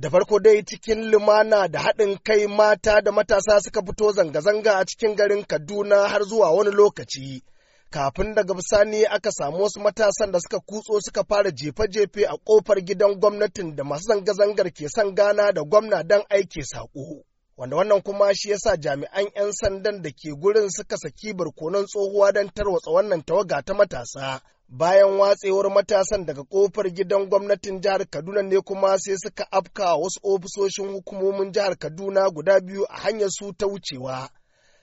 Da farko dai cikin lumana da haɗin kai mata da matasa suka fito zanga-zanga a cikin garin Kaduna har zuwa wani lokaci. Kafin daga bisani aka samu wasu matasan da suka kutso suka fara jefe-jefe a ƙofar gidan gwamnatin da masu zanga-zangar ke son gana da gwamna don aiki saƙo. Wanda wannan kuma shi yasa jami'an 'yan sandan da ke gurin suka saki barkonon tsohuwa don tarwatsa wannan tawaga ta matasa. bayan watsewar matasan daga kofar gidan gwamnatin jihar kaduna ne kuma sai suka afka wasu ofisoshin hukumomin jihar kaduna guda biyu a hanyar su ta wucewa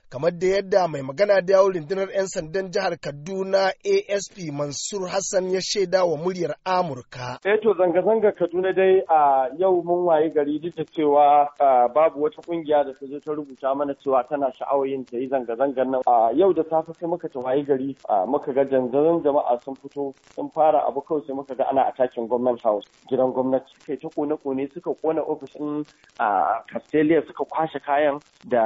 kamar da yadda mai magana da yawon rundunar 'yan sandan jihar kaduna asp mansur hassan ya shaida wa muryar amurka Eto eh zanga-zanga kaduna dai a yau mun waye gari duk cewa babu wata kungiya da ta zo ta rubuta mana cewa tana sha'awar ta yi zanga-zangan nan a yau da safe sai muka ta waye gari muka ga janzarin jama'a sun fito sun fara abu kawai sai muka ga ana takin gwamnan house gidan gwamnati kai ta kone-kone suka kona ofishin a suka kwashe kayan da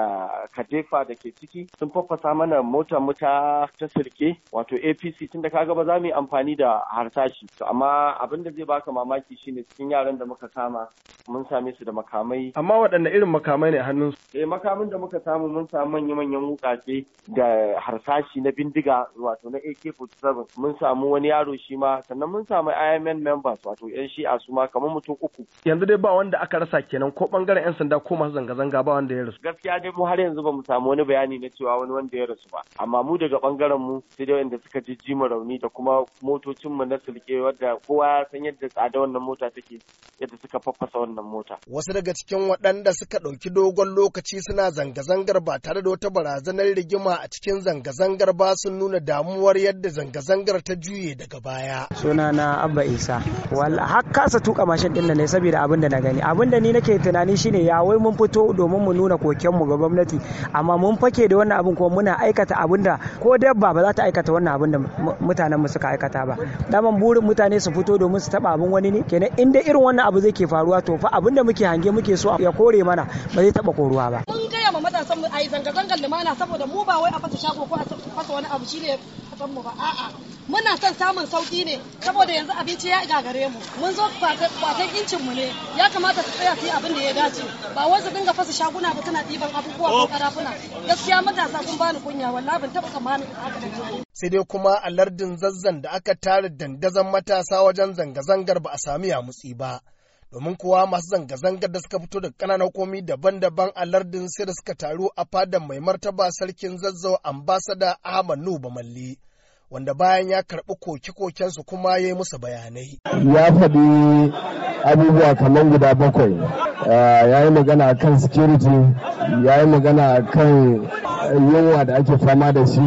kadefa da ke ciki sun faffasa mana mota muta ta sirke wato APC tunda kaga ba za mu yi amfani da harsashi to amma abin da zai baka mamaki shine cikin yaran da muka kama mun same su da makamai amma waɗanne irin makamai ne hannun su eh makamin da muka samu mun samu manya manyan wukace da harsashi na bindiga wato na AK47 mun samu wani yaro shi ma sannan mun samu IMN members wato yan shi'a su ma kamar mutum uku yanzu dai ba wanda aka rasa kenan ko bangaren yan sanda ko masu zanga-zanga ba wanda ya rasu gaskiya dai mu har yanzu ba mu samu wani bayani bayani na cewa wani wanda ya rasu ba amma mu daga bangaren mu sai dai wanda suka ji jima rauni da kuma motocin mu na sulke wadda kowa ya san yadda tsada wannan mota take yadda suka faffasa wannan mota wasu daga cikin wadanda suka ɗauki dogon lokaci suna zanga-zangar ba tare da wata barazanar rigima a cikin zanga-zangar ba sun nuna damuwar yadda zanga-zangar ta juye daga baya sunana abba isa wal har kasa tuka mashin din nan ne saboda abin da na gani abin da ni nake tunani shine ya wai mun fito domin mu nuna kokenmu ga gwamnati amma mun fa muke da wannan abin kuma muna aikata abin da ko dabba ba za ta aikata wannan abin da mutanen mu suka aikata ba daman burin mutane su fito domin su taba abin wani ne kenan inda irin wannan abu zai ke faruwa to fa abin da muke hange muke so ya kore mana ba zai taba koruwa ba mun gaya ma matasan mu a yi zanga-zangar lumana saboda mu ba wai a fasa shago ko a fasa wani abu shi ne. mu ba a'a muna son samun sauki ne saboda yanzu abinci ya iga gare mu mun zo kwatan incin mu ne ya kamata su tsaya su abin da ya dace ba wai su dinga fasa shaguna ba suna ɗiban abubuwa ko karafuna gaskiya matasa kun bani kunya wallahi ban taɓa tsammanin haka da sai dai kuma a lardin zazzan da aka tara dandazan matasa wajen zanga-zangar ba a sami yamutsi ba domin kuwa masu zanga-zangar da suka fito da kananan komi daban-daban a lardin sai da suka taru a fadar mai martaba sarkin zazzau ambasada ahmad nuba malli wanda bayan ya karɓi koke-kokensu kuma ya yi musu bayanai. Ya faɗi abubuwa kamar guda bakwai. Ah, ya yi magana kan security, ya yi magana kan yunwa da ake fama da shi.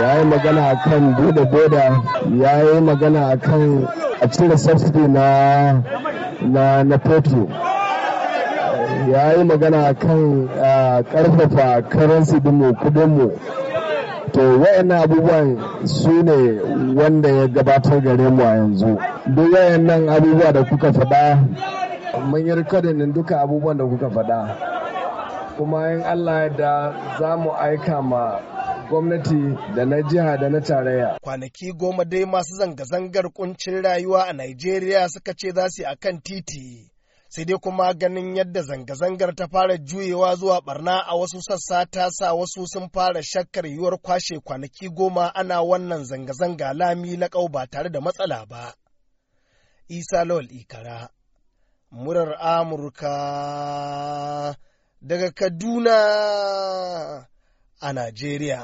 ya yi magana kan buɗe boda ya yi magana kan a cire subsidy na na na petro ya yi magana a kan karfafa ah, karansu dinmu kudinmu to wayannan abubuwan su ne wanda ya gabatar gare mu a yanzu duk wayannan abubuwa da kuka faɗa mun yi rikodin duka abubuwan da kuka faɗa kuma in allah da za mu aika ma gwamnati da na jiha da na tarayya. Kwanaki goma dai masu zanga-zangar kuncin rayuwa a Najeriya suka ce za su yi akan titi sai dai kuma ganin yadda zanga-zangar ta fara juyewa zuwa barna a wasu sassa ta sa wasu sun fara shakkar yiwuwar kwashe kwanaki goma ana wannan zanga-zanga lami laƙau ba tare da matsala ba. Isa Lawal Ikara Murar Amurka daga Kaduna a Najeriya.